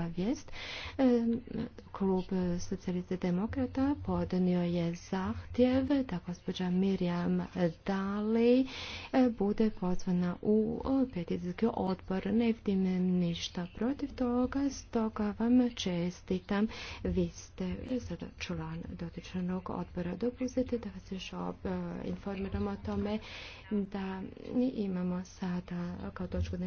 obavijest. Klub socijalista demokrata podnio je zahtjev da gospođa Mirjam Dali bude pozvana u peticijski odbor. Ne vidim ništa protiv toga, stoga vam čestitam. Vi ste sada član dotičnog odbora. Dopustite da vas još informiramo o tome da imamo sada kao točku